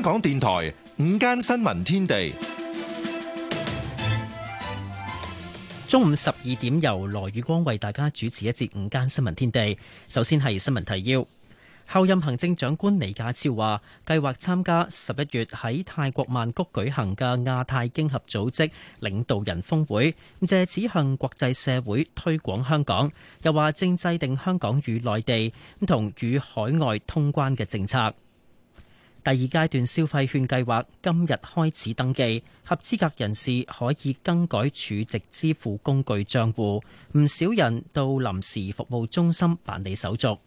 香港電台午間新聞天地，中午十二點由羅宇光為大家主持一節午間新聞天地。首先係新聞提要，候任行政長官李家超話，計劃參加十一月喺泰國曼谷舉行嘅亞太經合組織領導人峰會，借此向國際社會推廣香港。又話正制定香港與內地同與海外通關嘅政策。第二階段消費券計劃今日開始登記，合資格人士可以更改儲值支付工具賬戶。唔少人到臨時服務中心辦理手續。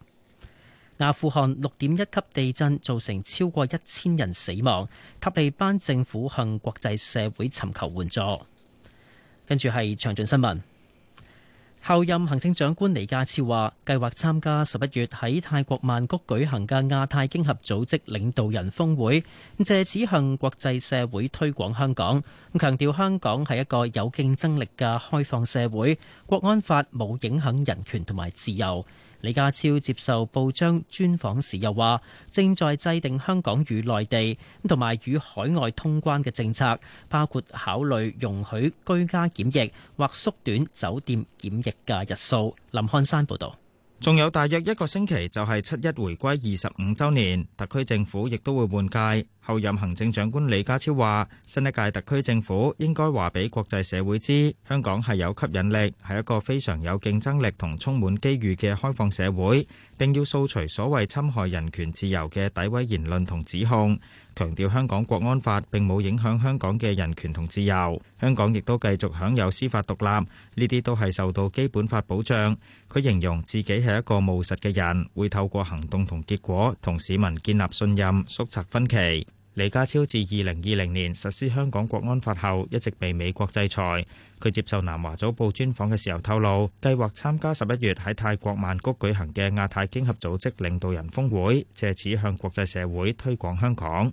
阿富汗六點一級地震造成超過一千人死亡，塔利班政府向國際社會尋求援助。跟住係詳盡新聞。候任行政長官李家超話，計劃參加十一月喺泰國曼谷舉行嘅亞太經合組織領導人峰會，借此向國際社會推廣香港，強調香港係一個有競爭力嘅開放社會，國安法冇影響人權同埋自由。李家超接受報章專訪時又話，正在制定香港與內地同埋與海外通關嘅政策，包括考慮容許居家檢疫或縮短酒店檢疫嘅日數。林漢山報道。仲有大約一個星期就係七一回歸二十五周年，特區政府亦都會換屆。候任行政長官李家超話：新一屆特區政府應該話俾國際社會知，香港係有吸引力，係一個非常有競爭力同充滿機遇嘅開放社會，並要掃除所謂侵害人權自由嘅詆毀言論同指控。強調香港國安法並冇影響香港嘅人權同自由，香港亦都繼續享有司法獨立，呢啲都係受到基本法保障。佢形容自己係一個務實嘅人，會透過行動同結果同市民建立信任，縮窄分歧。李家超自二零二零年實施香港國安法後一直被美國制裁。佢接受南華早報專訪嘅時候透露，計劃參加十一月喺泰國曼谷舉行嘅亞太經合組織領導人峰會，借此向國際社會推廣香港。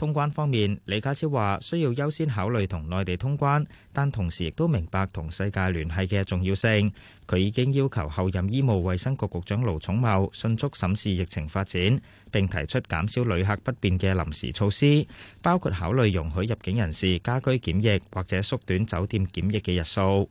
通關方面，李家超話需要優先考慮同內地通關，但同時亦都明白同世界聯繫嘅重要性。佢已經要求後任醫務衛生局局長盧寵茂迅速審視疫情發展，並提出減少旅客不便嘅臨時措施，包括考慮容許入境人士家居檢疫或者縮短酒店檢疫嘅日數。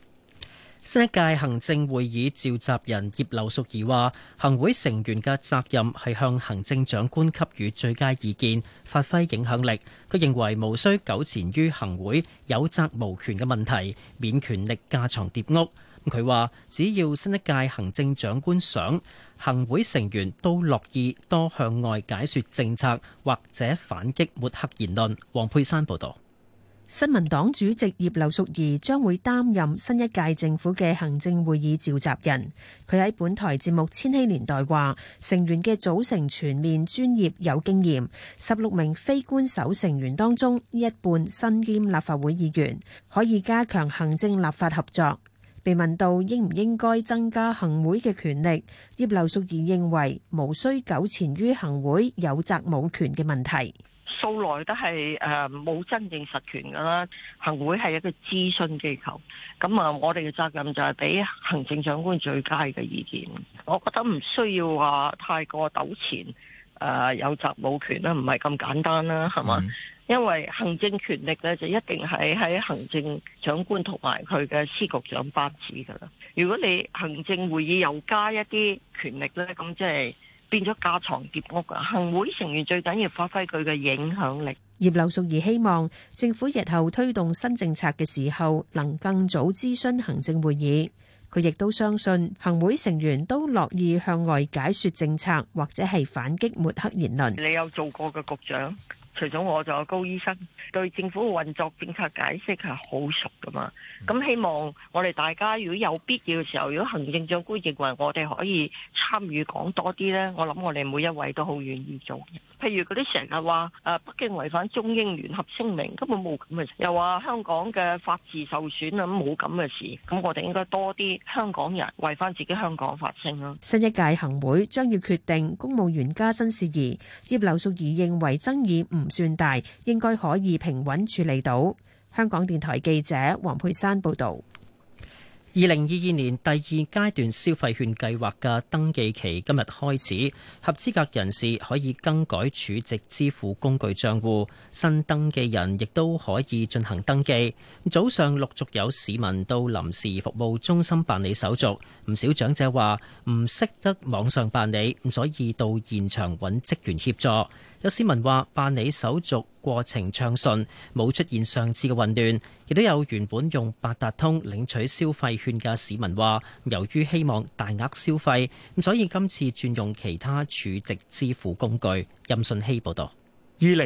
新一屆行政會議召集人葉劉淑儀話，行會成員嘅責任係向行政長官給予最佳意見，發揮影響力。佢認為無需糾纏於行會有責無權嘅問題，免權力架床疊屋。佢話，只要新一屆行政長官想，行會成員都樂意多向外解說政策或者反擊抹黑言論。黃佩珊報道。新民黨主席葉劉淑儀將會擔任新一屆政府嘅行政會議召集人。佢喺本台節目《千禧年代》話，成員嘅組成全面專業有經驗。十六名非官守成員當中，一半身兼立法會議員，可以加強行政立法合作。被問到應唔應該增加行會嘅權力，葉劉淑儀認為無需糾纏於行會有責冇權嘅問題。素來都係誒冇真正實權噶啦，行會係一個諮詢機構，咁啊我哋嘅責任就係俾行政長官最佳嘅意見。我覺得唔需要話、啊、太過糾纏誒有責冇權啦，唔係咁簡單啦，係嘛、嗯？因為行政權力咧就一定係喺行政長官同埋佢嘅司局長班子噶啦。如果你行政會議又加一啲權力咧，咁即係。變咗架床疊屋啊！行會成員最緊要發揮佢嘅影響力。葉劉淑儀希望政府日後推動新政策嘅時候，能更早諮詢行政會議。佢亦都相信行會成員都樂意向外解說政策，或者係反擊抹黑言論。你有做過嘅局長？除咗我，仲有高醫生對政府運作政策解釋係好熟噶嘛？咁希望我哋大家如果有必要嘅時候，如果行政長官認為我哋可以參與講多啲呢，我諗我哋每一位都好願意做。譬如嗰啲成日話誒北京違反中英聯合聲明，根本冇咁嘅事；又話香港嘅法治受損啊，冇咁嘅事。咁我哋應該多啲香港人為返自己香港發聲啦。新一屆行會將要決定公務員加薪事宜，葉劉淑儀認為爭議唔算大，應該可以平穩處理到。香港電台記者黃佩珊報導：二零二二年第二階段消費券計劃嘅登記期今日開始，合資格人士可以更改儲值支付工具賬戶，新登記人亦都可以進行登記。早上陸續有市民到臨時服務中心辦理手續，唔少長者話唔識得網上辦理，所以到現場揾職員協助。有市民話辦理手續過程暢順，冇出現上次嘅混亂。亦都有原本用八達通領取消費券嘅市民話，由於希望大額消費，咁所以今次轉用其他儲值支付工具。任信希報導。二零二二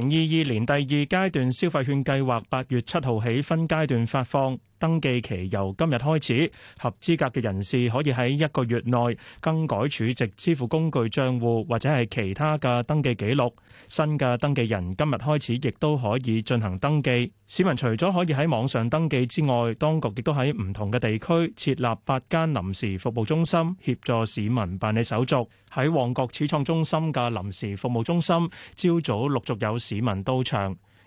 年第二階段消費券計劃八月七號起分階段發放，登記期由今日開始。合資格嘅人士可以喺一個月內更改儲值支付工具賬戶或者係其他嘅登記記錄，新嘅登記人今日開始亦都可以進行登記。市民除咗可以喺網上登記之外，當局亦都喺唔同嘅地區設立八間臨時服務中心協助市民辦理手續。喺旺角始創中心嘅臨時服務中心，朝早陸續有市民到場。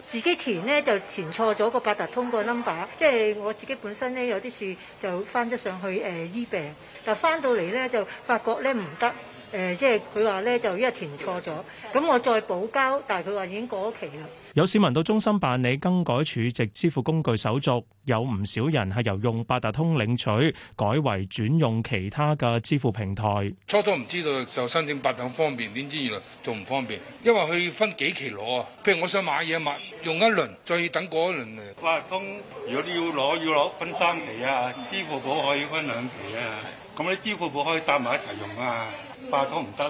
自己填呢就填錯咗個八達通個 number，即係我自己本身呢有啲事就翻咗上去誒醫病，但翻到嚟呢就發覺呢唔得。誒、呃，即係佢話咧，就因為填錯咗，咁我再補交，但係佢話已經過咗期啦。有市民到中心辦理更改儲值支付工具手續，有唔少人係由用八達通領取，改為轉用其他嘅支付平台。初初唔知道就申請八達通方便，點知原來仲唔方便，因為佢要分幾期攞啊。譬如我想買嘢買用一輪，再等過一輪。八達通如果你要攞要攞分三期啊，支付寶可以分兩期啊，咁你支付寶可以搭埋一齊用啊。唔得。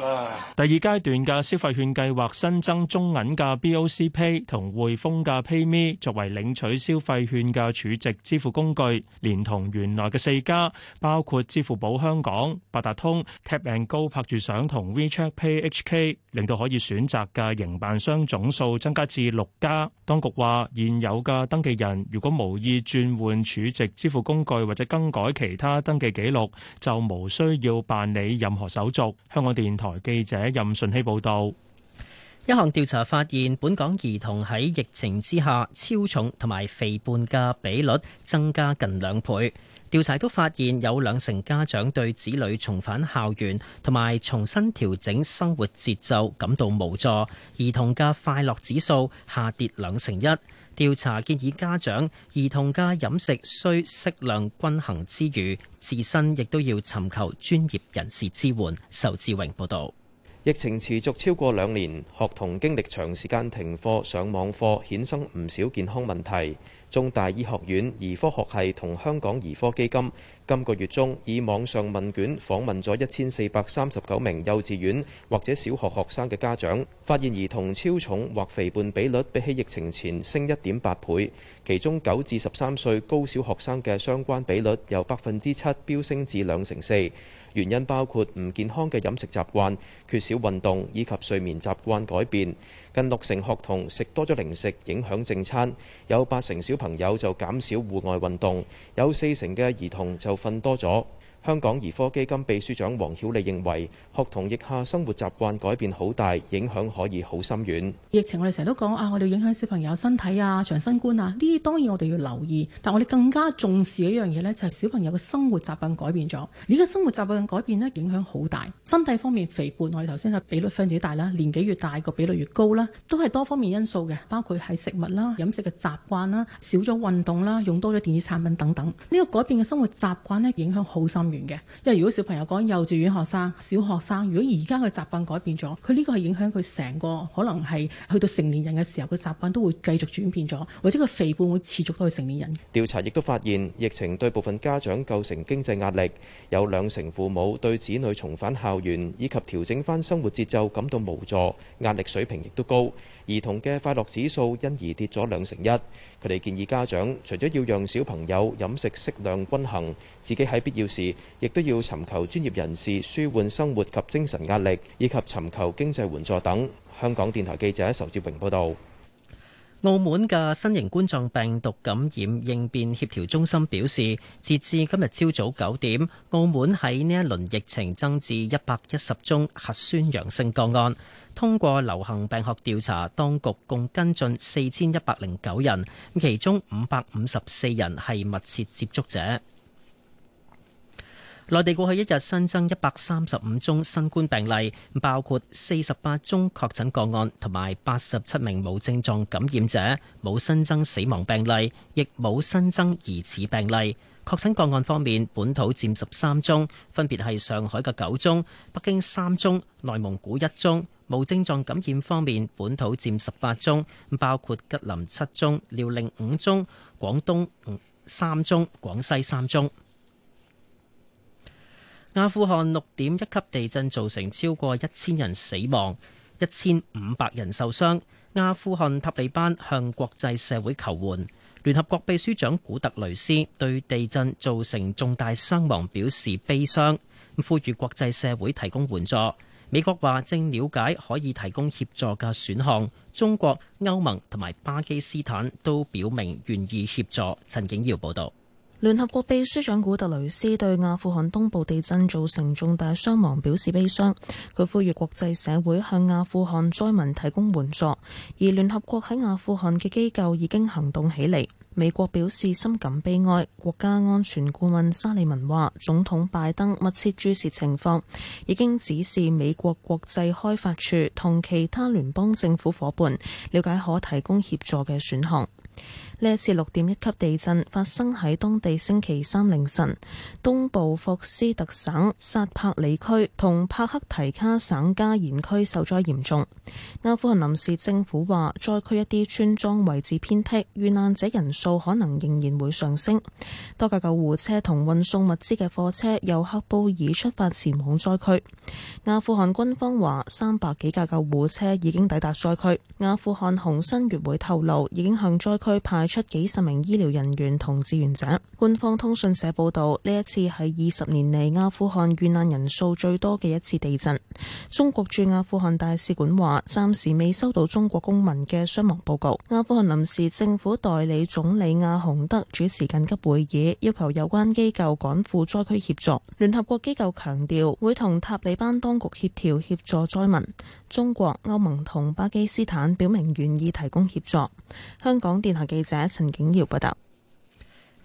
第二階段嘅消費券計劃新增中銀嘅 BOC Pay 同匯豐嘅 PayMe 作為領取消費券嘅儲值支付工具，連同原來嘅四家，包括支付寶香港、八達通、Tap and Go 拍住賞同 WeChat Pay HK，令到可以選擇嘅營辦商總數增加至六家。當局話，現有嘅登記人如果無意轉換儲值支付工具或者更改其他登記記錄，就無需要辦理任何手續。香港電台記者任順熙報道，一項調查發現，本港兒童喺疫情之下，超重同埋肥胖嘅比率增加近兩倍。調查都發現，有兩成家長對子女重返校園同埋重新調整生活節奏感到無助，兒童嘅快樂指數下跌兩成一。調查建議家長兒童嘅飲食需適量均衡之餘，自身亦都要尋求專業人士支援。仇志榮報導。疫情持續超過兩年，學童經歷長時間停課上網課，衍生唔少健康問題。中大醫學院兒科學系同香港兒科基金今個月中以網上問卷訪問咗一千四百三十九名幼稚園或者小學學生嘅家長，發現兒童超重或肥胖比率比起疫情前升一點八倍，其中九至十三歲高小學生嘅相關比率由百分之七飆升至兩成四。原因包括唔健康嘅飲食習慣、缺少運動以及睡眠習慣改變。近六成學童食多咗零食，影響正餐；有八成小朋友就減少戶外運動；有四成嘅兒童就瞓多咗。香港兒科基金秘書長黃曉麗認為，學童疫下生活習慣改變好大，影響可以好深遠。疫情我哋成日都講啊，我哋影響小朋友身體啊、長身觀啊，呢啲當然我哋要留意，但我哋更加重視一樣嘢咧，就係小朋友嘅生活習慣改變咗。而家生活習慣改變咧，影響好大。身體方面肥胖，我哋頭先係比率分子大啦，年紀越大個比率越高啦，都係多方面因素嘅，包括係食物啦、飲食嘅習慣啦、少咗運動啦、用多咗電子產品等等。呢個改變嘅生活習慣咧，影響好深。嘅，因為如果小朋友講幼稚園學生、小學生，如果而家嘅習慣改變咗，佢呢個係影響佢成個，可能係去到成年人嘅時候，佢習慣都會繼續轉變咗，或者個肥胖會持續到去成年人。調查亦都發現，疫情對部分家長構成經濟壓力，有兩成父母對子女重返校園以及調整翻生活節奏感到無助，壓力水平亦都高。兒童嘅快樂指數因而跌咗兩成一。佢哋建議家長除咗要讓小朋友飲食適量均衡，自己喺必要時亦都要尋求專業人士舒緩生活及精神壓力，以及尋求經濟援助等。香港電台記者仇志榮報道。澳門嘅新型冠狀病毒感染應變協調中心表示，截至今日朝早九點，澳門喺呢一輪疫情增至一百一十宗核酸陽性個案。通過流行病學調查，當局共跟進四千一百零九人，其中五百五十四人係密切接觸者。內地過去一日新增一百三十五宗新冠病例，包括四十八宗確診個案同埋八十七名無症狀感染者，冇新增死亡病例，亦冇新增疑似病例。確診個案方面，本土佔十三宗，分別係上海嘅九宗、北京三宗、內蒙古一宗；無症狀感染方面，本土佔十八宗，包括吉林七宗、遼寧五宗、廣東三宗、廣西三宗。阿富汗六點一級地震造成超過一千人死亡，一千五百人受傷。阿富汗塔利班向國際社會求援。聯合國秘書長古特雷斯對地震造成重大傷亡表示悲傷，呼籲國際社會提供援助。美國話正了解可以提供協助嘅選項，中國、歐盟同埋巴基斯坦都表明願意協助。陳景堯報道。聯合國秘書長古特雷斯對阿富汗東部地震造成重大傷亡表示悲傷，佢呼籲國際社會向阿富汗災民提供援助，而聯合國喺阿富汗嘅機構已經行動起嚟。美國表示深感悲哀，國家安全顧問沙利文話，總統拜登密切注視情況，已經指示美國國際開發處同其他聯邦政府伙伴了解可提供協助嘅選項。呢一次六點一級地震發生喺當地星期三凌晨，東部霍斯特省沙柏里區同帕克提卡省加延區受災嚴重。阿富汗臨時政府話，災區一啲村莊位置偏僻，遇難者人數可能仍然會上升。多架救護車同運送物資嘅貨車由喀布爾出發前往災區。阿富汗軍方話，三百幾架救護車已經抵達災區。阿富汗紅新月會透露，已經向災區派出幾十名醫療人員同志願者。官方通訊社報導，呢一次係二十年嚟阿富汗遇難人數最多嘅一次地震。中國駐阿富汗大使館話，暫時未收到中國公民嘅傷亡報告。阿富汗臨時政府代理總理阿洪德主持緊急會議，要求有關機構趕赴災區協助。聯合國機構強調，會同塔利班當局協調協助災民。中國、歐盟同巴基斯坦表明願意提供協助。香港電台記者。陳景耀報道。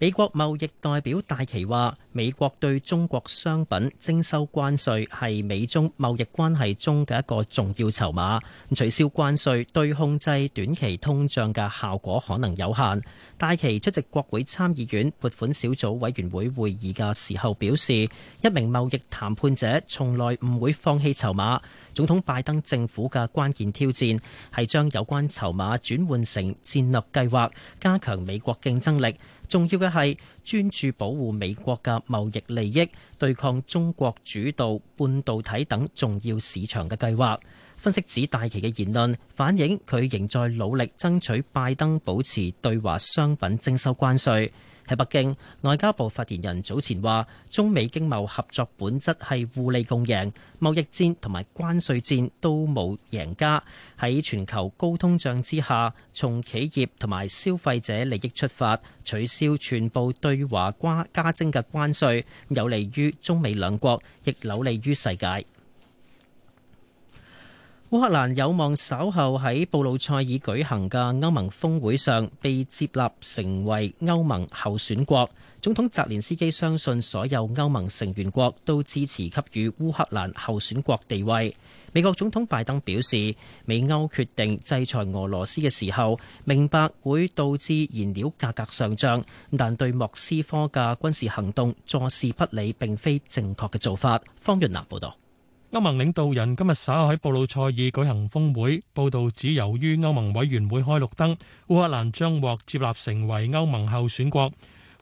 美國貿易代表戴琪話，美國對中國商品徵收關稅係美中貿易關係中嘅一個重要籌碼。取消關稅對控制短期通脹嘅效果可能有限。戴琪出席國會參議院撥款小組委員會會議嘅時候表示，一名貿易談判者從來唔會放棄籌碼。總統拜登政府嘅關鍵挑戰係將有關籌碼轉換成戰略計劃，加強美國競爭力。重要嘅係專注保護美國嘅貿易利益，對抗中國主導半導體等重要市場嘅計劃。分析指大旗嘅言論，反映佢仍在努力爭取拜登保持對華商品徵收關稅。喺北京，外交部發言人早前話中美經貿合作本質係互利共贏，貿易戰同埋關稅戰都冇贏家。喺全球高通脹之下，從企業同埋消費者利益出發，取消全部對華加加徵嘅關稅，有利於中美兩國，亦有利於世界。烏克蘭有望稍後喺布魯塞爾舉行嘅歐盟峰會上被接納成為歐盟候選國。總統澤連斯基相信所有歐盟成員國都支持給予烏克蘭候選國地位。美國總統拜登表示，美歐決定制裁俄羅斯嘅時候，明白會導致燃料價格上漲，但對莫斯科嘅軍事行動坐視不理，并非正確嘅做法。方潤南報道。歐盟領導人今日稍後喺布魯塞爾舉行峰會，報導指由於歐盟委員會開綠燈，烏克蘭將獲接納成為歐盟候選國。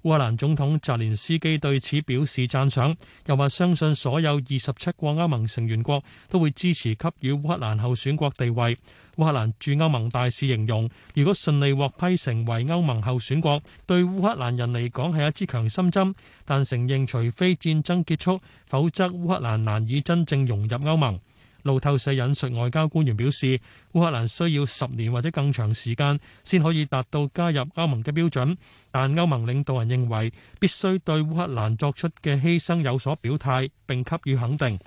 烏克蘭總統澤連斯基對此表示讚賞，又話相信所有二十七個歐盟成員國都會支持給予烏克蘭候選國地位。烏克蘭駐歐盟大使形容，如果順利獲批成為歐盟候選國，對烏克蘭人嚟講係一支強心針，但承認除非戰爭結束，否則烏克蘭難以真正融入歐盟。路透社引述外交官員表示，烏克蘭需要十年或者更長時間先可以達到加入歐盟嘅標準。但歐盟領導人認為必須對烏克蘭作出嘅犧牲有所表態，並給予肯定。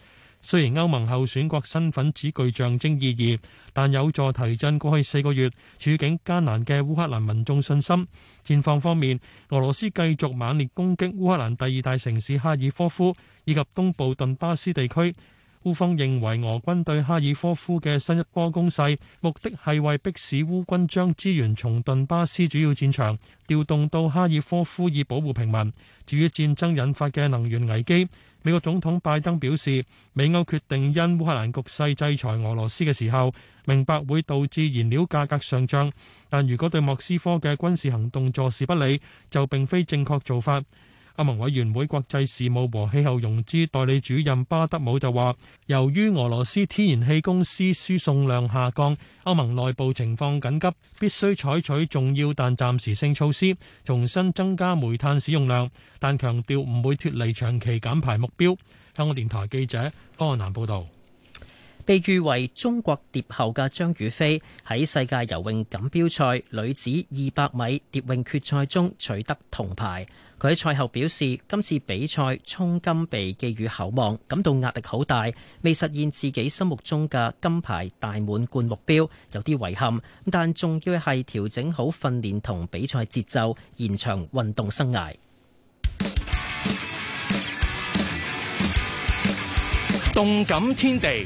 雖然歐盟候選國身份只具象徵意義，但有助提振過去四個月處境艱難嘅烏克蘭民眾信心。戰況方面，俄羅斯繼續猛烈攻擊烏克蘭第二大城市哈爾科夫以及東部頓巴斯地區。烏方認為俄軍對哈爾科夫嘅新一波攻勢，目的係為迫使烏軍將資源從頓巴斯主要戰場調動到哈爾科夫以保護平民。至於戰爭引發嘅能源危機，美國總統拜登表示，美歐決定因烏克蘭局勢制裁俄羅斯嘅時候，明白會導致燃料價格上漲，但如果對莫斯科嘅軍事行動坐視不理，就並非正確做法。歐盟委員會國際事務和氣候融資代理主任巴德姆就話，由於俄羅斯天然氣公司輸送量下降，歐盟內部情況緊急，必須採取重要但暫時性措施，重新增加煤炭使用量，但強調唔會脫離長期減排目標，香港電台記者方漢南報道。被譽為中國蝶后嘅張雨霏喺世界游泳錦標賽女子二百米蝶泳決賽中取得銅牌。佢喺賽後表示，今次比賽衝金被寄予厚望，感到壓力好大，未實現自己心目中嘅金牌大滿貫目標，有啲遺憾。但重要係調整好訓練同比賽節奏，延長運動生涯。動感天地。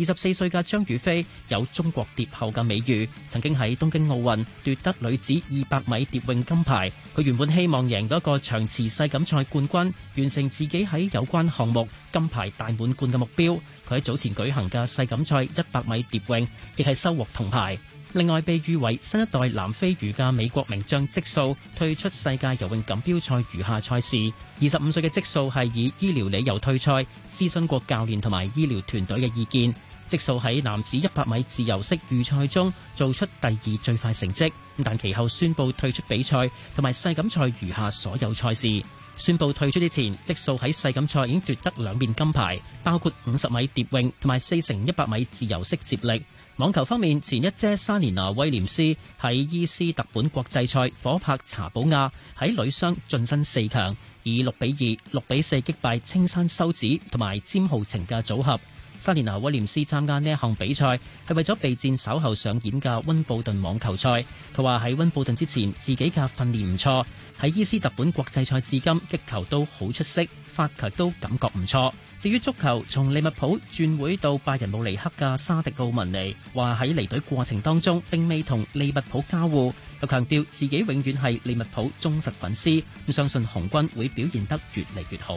二十四歲嘅張雨霏有中國蝶后嘅美譽，曾經喺東京奧運奪得女子二百米蝶泳金牌。佢原本希望贏到一個長池世錦賽冠軍，完成自己喺有關項目金牌大滿貫嘅目標。佢喺早前舉行嘅世錦賽一百米蝶泳亦係收穫銅牌。另外，被譽為新一代南非魚嘅美國名將積數退出世界游泳錦標賽餘下賽事。二十五歲嘅積數係以醫療理由退賽，諮詢過教練同埋醫療團隊嘅意見。積數喺男子一百米自由式預賽中做出第二最快成績，但其後宣佈退出比賽同埋世錦賽餘下所有賽事。宣佈退出之前，積數喺世錦賽已經奪得兩面金牌，包括五十米蝶泳同埋四乘一百米自由式接力。網球方面，前一姐莎蓮娜威廉斯喺伊斯特本國際賽，火拍查寶亞喺女雙晉身四強，以六比二、六比四擊敗青山修子同埋詹浩晴嘅組合。三年後威廉斯參加呢一項比賽係為咗備戰稍後上演嘅温布頓網球賽。佢話喺温布頓之前自己嘅訓練唔錯，喺伊斯特本國際賽至今擊球都好出色，發球都感覺唔錯。至於足球，從利物浦轉會到拜仁慕尼黑嘅沙迪奧文尼話喺離隊過程當中並未同利物浦交互，又強調自己永遠係利物浦忠實粉絲，相信紅軍會表現得越嚟越好。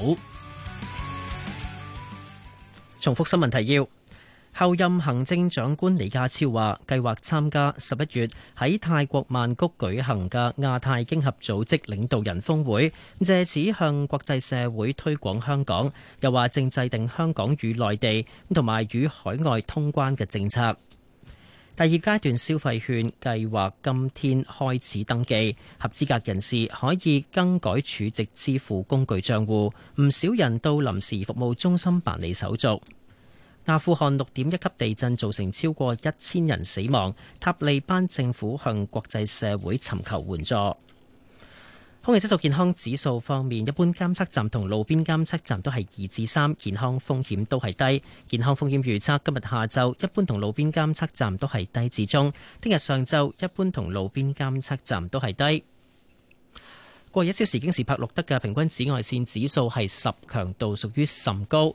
重複新聞提要。候任行政長官李家超話，計劃參加十一月喺泰國曼谷舉行嘅亞太經合組織領導人峰會，借此向國際社會推廣香港。又話正制定香港與內地同埋與海外通關嘅政策。第二階段消費券計劃今天開始登記，合資格人士可以更改儲值支付工具帳戶。唔少人到臨時服務中心辦理手續。阿富汗六點一級地震造成超過一千人死亡，塔利班政府向國際社會尋求援助。空氣質素健康指數方面，一般監測站同路邊監測站都係二至三，健康風險都係低。健康風險預測今日下晝，一般同路邊監測站都係低至中，聽日上晝，一般同路邊監測站都係低。過一小時京士柏錄得嘅平均紫外線指數係十，強度屬於甚高。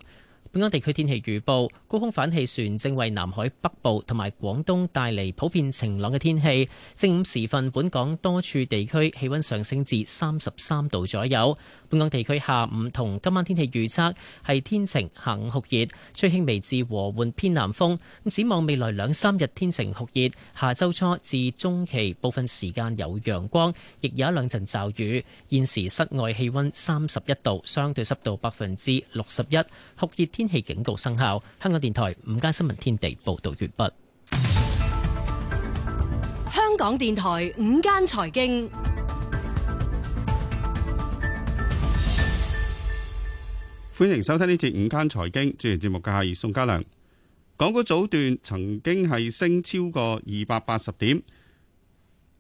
本港地區天氣預報，高空反氣旋正為南海北部同埋廣東帶嚟普遍晴朗嘅天氣。正午時分，本港多處地區氣溫上升至三十三度左右。本港地區下午同今晚天氣預測係天晴，下午酷熱，吹輕微至和緩偏南風。展望未來兩三日天晴酷熱，下週初至中期部分時間有陽光，亦有一兩陣驟雨。現時室外氣溫三十一度，相對濕度百分之六十一，酷熱。天氣警告生效。香港電台午間新聞天地報道完畢。香港電台午間財經，歡迎收聽呢節午間財經，主持節目嘅係宋家良。港股早段曾經係升超過二百八十點，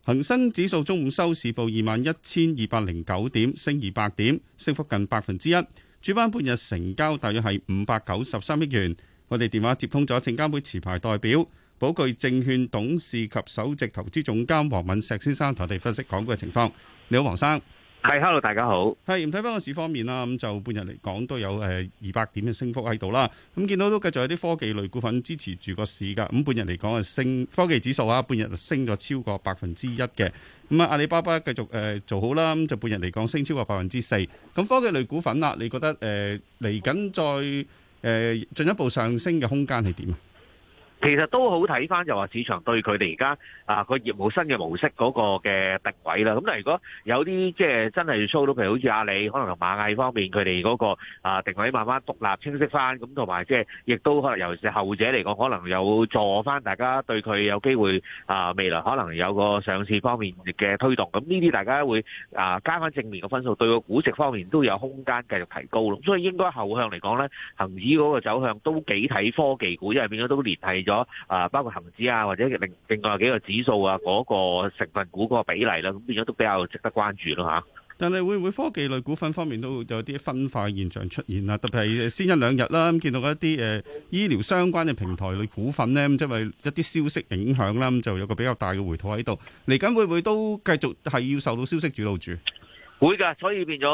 恒生指數中午收市報二萬一千二百零九點，升二百點，升幅近百分之一。主板半日成交大約係五百九十三億元。我哋電話接通咗證監會持牌代表、寶具證券董事及首席投資總監黃敏石先生，同我哋分析港股嘅情況。你好，黃生。係，Hello，大家好。係，睇翻個市方面啦，咁就半日嚟講都有誒二百點嘅升幅喺度啦。咁見到都繼續有啲科技類股份支持住個市噶。咁半日嚟講係升科技指數啊，半日升咗超過百分之一嘅。咁啊，阿里巴巴繼續誒做好啦。咁就半日嚟講，升超過百分之四。咁科技類股份啦、啊，你覺得誒嚟緊再誒進、呃、一步上升嘅空間係點啊？其實都好睇翻，就話市場對佢哋而家啊，個業務新嘅模式嗰個嘅定位啦。咁，但如果有啲即係真係要 show 到，譬如好似阿里，可能同螞蟻方面佢哋嗰個啊定位慢慢獨立清晰翻，咁同埋即係亦都可能由後者嚟講，可能有助翻大家對佢有機會啊未來可能有個上市方面嘅推動。咁呢啲大家會啊加翻正面嘅分數，對個估值方面都有空間繼續提高咯。所以應該後向嚟講咧，恒指嗰個走向都幾睇科技股，因為變咗都連繫。咗啊，包括恒指啊，或者另另外幾個指數啊，嗰個成分股嗰個比例啦，咁變咗都比較值得關注咯嚇。但係會唔會科技類股份方面都有啲分化嘅現象出現啊？特別係先一兩日啦，咁見到一啲誒醫療相關嘅平台類股份咧，咁即係一啲消息影響啦，咁就有個比較大嘅回吐喺度。嚟緊會唔會都繼續係要受到消息主導住？會噶，所以變咗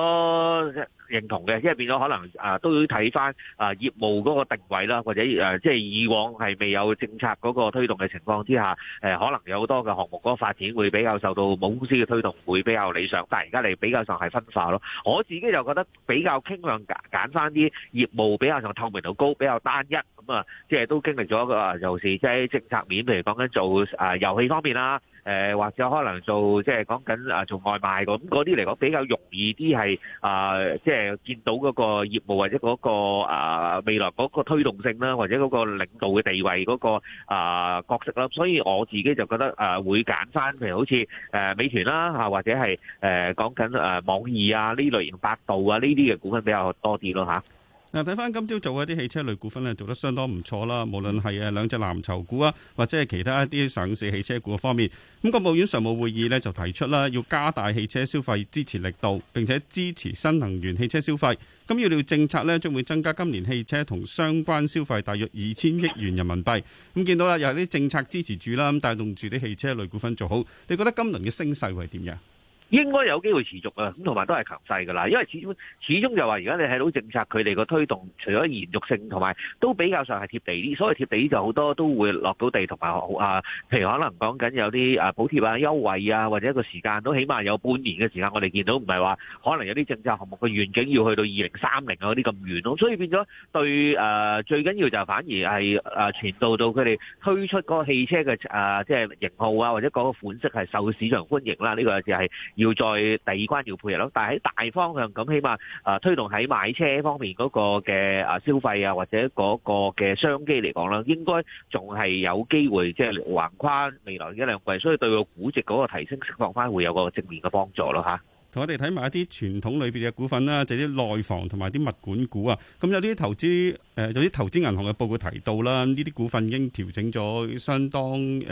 認同嘅，即係變咗可能啊，都要睇翻啊業務嗰個定位啦，或者誒，即係以往係未有政策嗰個推動嘅情況之下，誒，可能有好多嘅項目嗰個發展會比較受到母公司嘅推動，會比較理想。但係而家嚟比較上係分化咯。我自己就覺得比較傾向揀揀翻啲業務比較上透明度高、比較單一，咁啊，即係都經歷咗個，尤其即係政策面，譬如講緊做誒遊戲方面啦。誒，或者可能做即係講緊啊，做外賣咁嗰啲嚟講比較容易啲，係啊即係見到嗰個業務或者嗰、嗰個啊、呃、未來嗰個推動性啦，或者嗰個領導嘅地位嗰、嗰個啊、呃、角色啦，所以我自己就覺得啊、呃、會揀返譬如好似誒美團啦，嚇，或者係誒講緊誒網易啊呢類型、百度啊呢啲嘅股份比較多啲咯嚇。嗱，睇翻今朝做一啲汽車類股份咧，做得相當唔錯啦。無論係誒兩隻藍籌股啊，或者係其他一啲上市汽車股嘅方面。咁國務院常務會議呢就提出啦，要加大汽車消費支持力度，並且支持新能源汽車消費。咁要料政策呢，將會增加今年汽車同相關消費大約二千億元人民幣。咁見到啦，有啲政策支持住啦，咁帶動住啲汽車類股份做好。你覺得今輪嘅升勢會係點樣？應該有機會持續啊，咁同埋都係強勢㗎啦，因為始終始終就話，而家你睇到政策佢哋個推動，除咗延續性同埋都比較上係貼地啲，所以貼地啲就好多都會落到地，同埋啊，譬如可能講緊有啲啊補貼啊優惠啊，或者一個時間都起碼有半年嘅時間，我哋見到唔係話可能有啲政策項目嘅願景要去到二零三零啊嗰啲咁遠咯，所以變咗對誒、啊、最緊要就係反而係誒、啊、傳導到佢哋推出嗰個汽車嘅誒即係型號啊或者嗰個款式係受市場歡迎啦，呢個就係。要再第二關要配合咯，但係喺大方向咁，起碼誒推動喺買車方面嗰個嘅誒消費啊，或者嗰個嘅商機嚟講啦，應該仲係有機會，即係橫跨未來一兩季，所以對個估值嗰個提升釋放返，會有個正面嘅幫助咯嚇。同我哋睇埋一啲傳統裏邊嘅股份啦，就啲、是、內房同埋啲物管股啊。咁有啲投資誒，有啲投資銀行嘅報告提到啦，呢啲股份已經調整咗相當誒、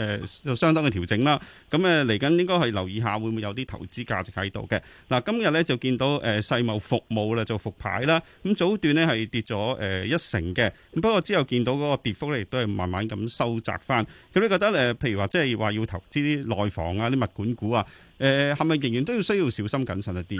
呃，相當嘅調整啦。咁誒嚟緊應該係留意下，會唔會有啲投資價值喺度嘅？嗱，今日咧就見到誒、呃、世茂服務咧就復牌啦。咁早段咧係跌咗誒、呃、一成嘅，咁不過之後見到嗰個跌幅咧亦都係慢慢咁收窄翻。咁你覺得誒、呃，譬如話即係話要投資啲內房啊、啲物管股啊？誒係咪仍然都要需要小心謹慎一啲？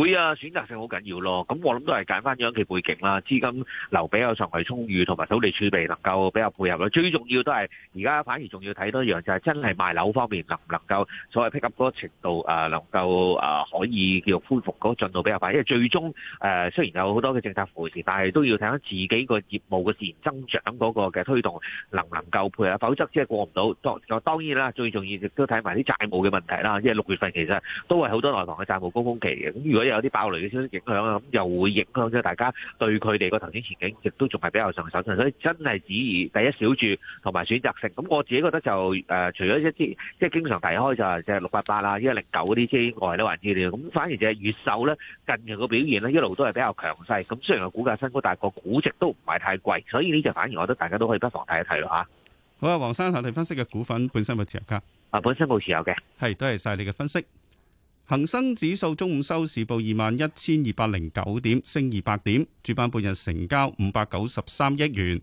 會啊，選擇性好緊要咯。咁我諗都係揀翻樣其背景啦，資金流比較上係充裕，同埋土地儲備能夠比較配合咯。最重要都係而家反而仲要睇多一樣，就係、是、真係賣樓方面能唔能夠所謂 pick up 嗰個程度、呃、能夠啊、呃、可以叫恢復嗰個進度比較快。因為最終誒、呃、雖然有好多嘅政策扶持，但係都要睇下自己個業務嘅自然增長嗰個嘅推動能唔能夠配合，否則即係過唔到。當當然啦，最重要亦都睇埋啲債務嘅問題啦，即係六月。其實都係好多內房嘅債務高峰期嘅，咁如果有啲爆雷嘅消息影響啊，咁又會影響咗大家對佢哋個投資前景亦都仲係比較上手。所以真係只宜第一小注同埋選擇性。咁我自己覺得就誒、呃，除咗一啲即係經常提開就係即係六八八啦、一零九嗰啲之外咧，還之了。咁反而就係越秀咧，近期個表現咧一路都係比較強勢。咁雖然個股價新高，但係個估值都唔係太貴，所以呢就反而我覺得大家都可以不妨睇一睇咯嚇。好啊，黃生，話題分析嘅股份本身冇持有卡？啊，本身冇持有嘅，係，多謝晒你嘅分析。恒生指數中午收市報二萬一千二百零九點，升二百點，主板半日成交五百九十三億元，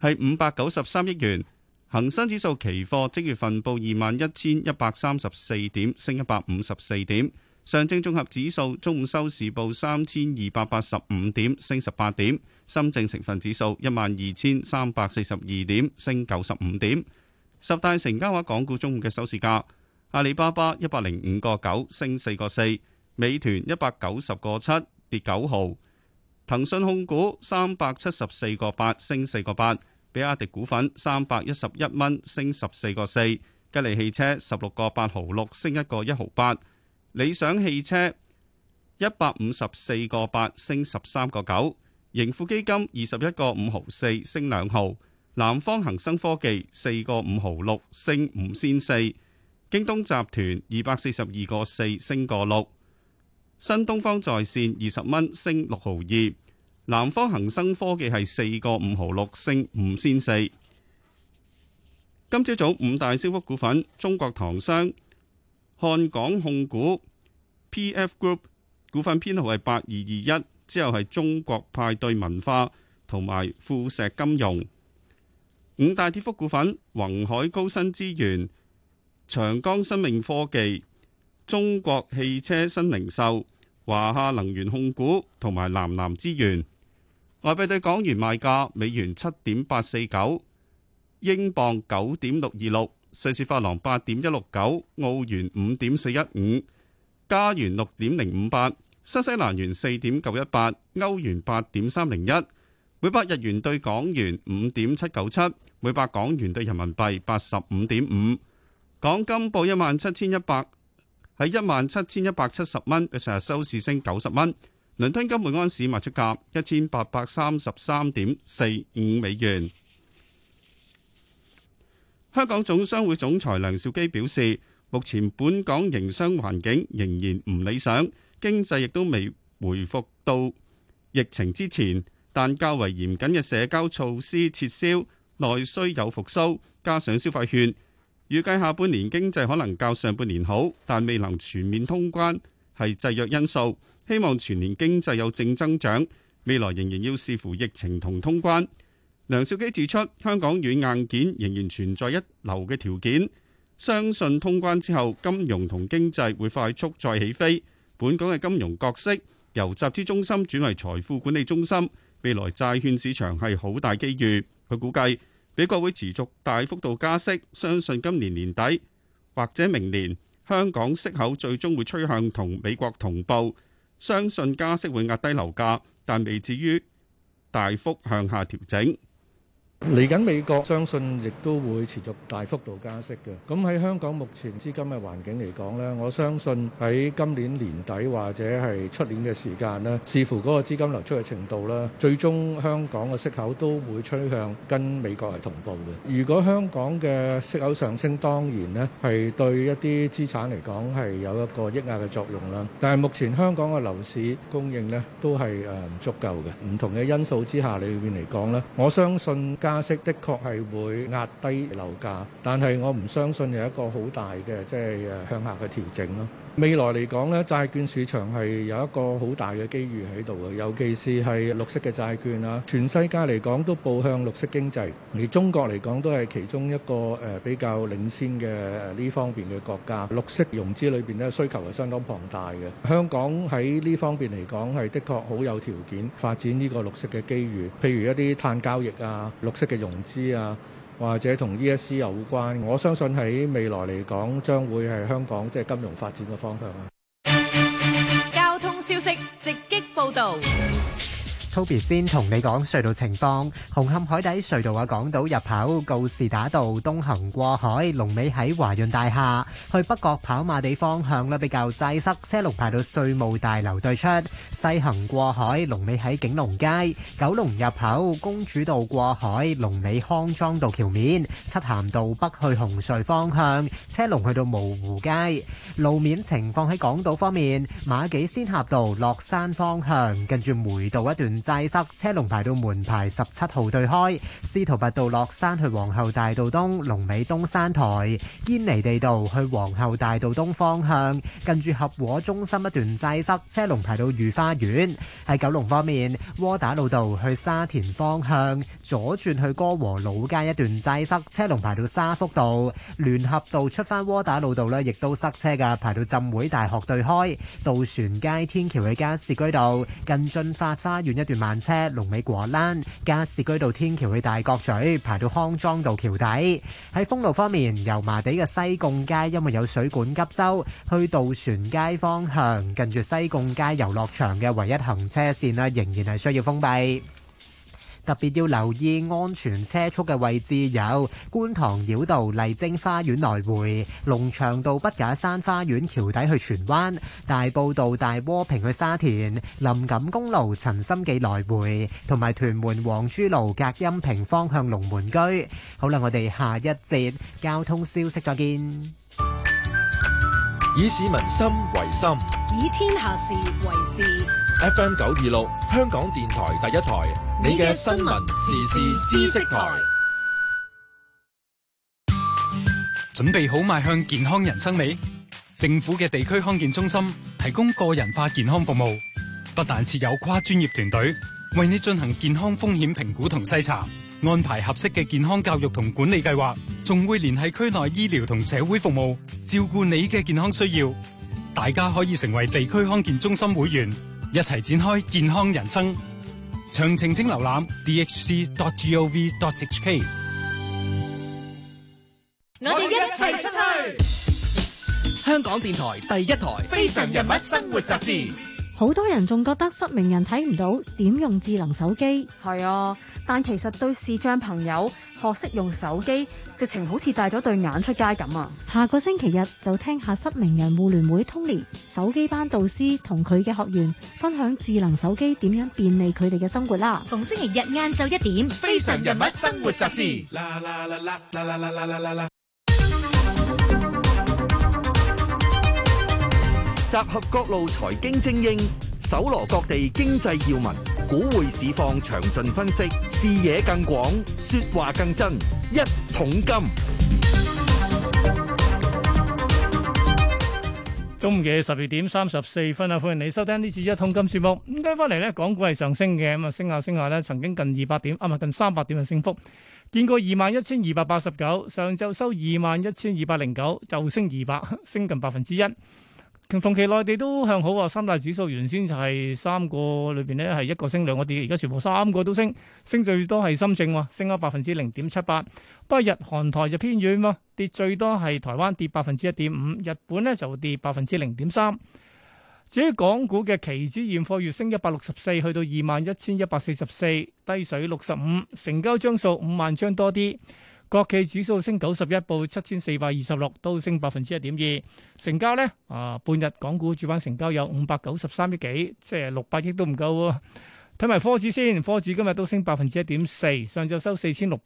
係五百九十三億元。恒生指數期貨即月份報二萬一千一百三十四點，升一百五十四點。上證綜合指數中午收市報三千二百八十五點，升十八點。深證成分指數一萬二千三百四十二點，升九十五點。十大成交額港股中午嘅收市價：阿里巴巴一百零五個九，升四個四；美團一百九十個七，跌九毫；騰訊控股三百七十四個八，升四個八；比亞迪股份三百一十一蚊，升十四個四；吉利汽車十六個八毫六，升一個一毫八。理想汽車一百五十四個八，升十三個九，盈富基金二十一個五毫四，升兩毫，南方恒生科技四個五毫六，升五先四，京東集團二百四十二個四，升個六，新東方在綫二十蚊，升六毫二，南方恒生科技係四個五毫六，升五先四。今朝早五大升幅股份，中國唐商。漢港控股、P.F. Group 股份編號係八二二一，之後係中國派對文化同埋富石金融。五大跌幅股份：宏海高新資源、長江生命科技、中國汽車新零售、華夏能源控股同埋南南資源。外幣對港元賣價：美元七點八四九，英鎊九點六二六。瑞士法郎八點一六九，澳元五點四一五，加元六點零五八，新西蘭元四點九一八，歐元八點三零一，每百日元兌港元五點七九七，每百港元兌人民幣八十五點五，港金報一萬七千一百，喺一萬七千一百七十蚊，成日收市升九十蚊。倫敦金每安士賣出價一千八百三十三點四五美元。香港總商會總裁梁兆基表示，目前本港營商環境仍然唔理想，經濟亦都未回復到疫情之前。但較為嚴謹嘅社交措施撤銷，內需有復蘇，加上消費券，預計下半年經濟可能較上半年好，但未能全面通關，係制約因素。希望全年經濟有正增長，未來仍然要視乎疫情同通關。梁兆基指出，香港軟硬件仍然存在一流嘅條件，相信通關之後，金融同經濟會快速再起飛。本港嘅金融角色由集資中心轉為財富管理中心，未來債券市場係好大機遇。佢估計美國會持續大幅度加息，相信今年年底或者明年，香港息口最終會趨向同美國同步。相信加息會壓低樓價，但未至於大幅向下調整。嚟緊美國，相信亦都會持續大幅度加息嘅。咁喺香港目前資金嘅環境嚟講呢，我相信喺今年年底或者係出年嘅時間呢，視乎嗰個資金流出嘅程度呢，最終香港嘅息口都會趨向跟美國係同步嘅。如果香港嘅息口上升，當然呢係對一啲資產嚟講係有一個抑壓嘅作用啦。但係目前香港嘅樓市供應呢都係誒唔足夠嘅。唔同嘅因素之下裏面嚟講呢，我相信。加息的確係會壓低樓價，但係我唔相信有一個好大嘅即係誒向下嘅調整咯。未來嚟講咧，債券市場係有一個好大嘅機遇喺度嘅，尤其是係綠色嘅債券啊。全世界嚟講都步向綠色經濟，而中國嚟講都係其中一個誒比較領先嘅呢方面嘅國家。綠色融資裏面咧，需求係相當龐大嘅。香港喺呢方面嚟講，係的確好有條件發展呢個綠色嘅機遇，譬如一啲碳交易啊、綠色嘅融資啊。或者同 E S C 有關，我相信喺未來嚟講，將會係香港即係金融發展嘅方向。交通消息直擊報導。粗別先同你講隧道情況，紅磡海底隧道啊，港島入口告士打道東行過海，龍尾喺華潤大廈；去北角跑馬地方向咧比較擠塞，車龍排到稅務大樓對出；西行過海，龍尾喺景隆街；九龍入口公主道過海，龍尾康莊道橋面；漆咸道北去紅隧方向，車龍去到蕪湖街。路面情況喺港島方面，馬己仙峽道落山方向，跟住梅道一段。擠塞，車龍排到門牌十七號對開；司徒拔道落山去皇后大道東，龍尾東山台；堅尼地道去皇后大道東方向，近住合和中心一段擠塞，車龍排到御花園。喺九龍方面，窩打老道去沙田方向左轉去歌和老街一段擠塞，車龍排到沙福道；聯合道出翻窩打老道呢亦都塞車噶，排到浸會大學對開；渡船街天橋去加士居道近駿發花園一段。慢車龍尾果欄，加士居道天橋去大角咀排到康莊道橋底。喺封路方面，油麻地嘅西貢街因為有水管急修，去渡船街方向近住西貢街遊樂場嘅唯一行車線咧，仍然係需要封閉。特別要留意安全車速嘅位置有觀塘繞道麗晶花園來回、龍翔道畢架山花園橋底去荃灣、大埔道大窩坪去沙田、林錦公路陳心記來回，同埋屯門皇珠路隔音屏方向龍門居。好啦，我哋下一節交通消息再見。以市民心為心，以天下事為事。F.M. 九二六，香港電台第一台。你嘅新聞時事知識台，準備好邁向健康人生未？政府嘅地區康健中心提供個人化健康服務，不但設有跨專業團隊，為你進行健康風險評估同篩查，安排合適嘅健康教育同管理計劃，仲會聯繫區內醫療同社會服務，照顧你嘅健康需要。大家可以成為地區康健中心會員，一齊展開健康人生。詳情請瀏覽 dhc.gov.hk。我哋一齊出去。香港電台第一台非常人物生活雜誌。好多人仲覺得失明人睇唔到，點用智能手機？係啊，但其實對視障朋友學識用手機直情好似戴咗對眼出街咁啊！下個星期日就聽下失明人互聯會通年手機班導師同佢嘅學員分享智能手機點樣便利佢哋嘅生活啦。逢星期日晏晝一點，非常人物生活雜誌。集合各路財經精英，搜羅各地經濟要聞，股匯市況詳盡分析。視野更廣，說話更真。一桶金，中午嘅十二點三十四分啊！歡迎你收聽呢次一桶金節目。咁今日翻嚟呢，港股係上升嘅，咁啊升下升下咧，曾經近二百點，啊唔係近三百點嘅升幅，見過二萬一千二百八十九，上晝收二萬一千二百零九，就升二百，升近百分之一。同同期內地都向好啊！三大指數原先就係三個裏邊咧，係一個升兩個跌，而家全部三個都升，升最多係深圳喎，升咗百分之零點七八。不過日韓台就偏遠喎，跌最多係台灣跌百分之一點五，日本咧就跌百分之零點三。至於港股嘅期指現貨月升一百六十四，去到二萬一千一百四十四，低水六十五，成交張數五萬張多啲。國企指數升九十一，報七千四百二十六，都升百分之一點二。成交呢啊，半日港股主板成交有五百九十三億幾，即係六百億都唔夠啊。睇埋科指先，科指今日都升百分之一點四，上晝收四千六。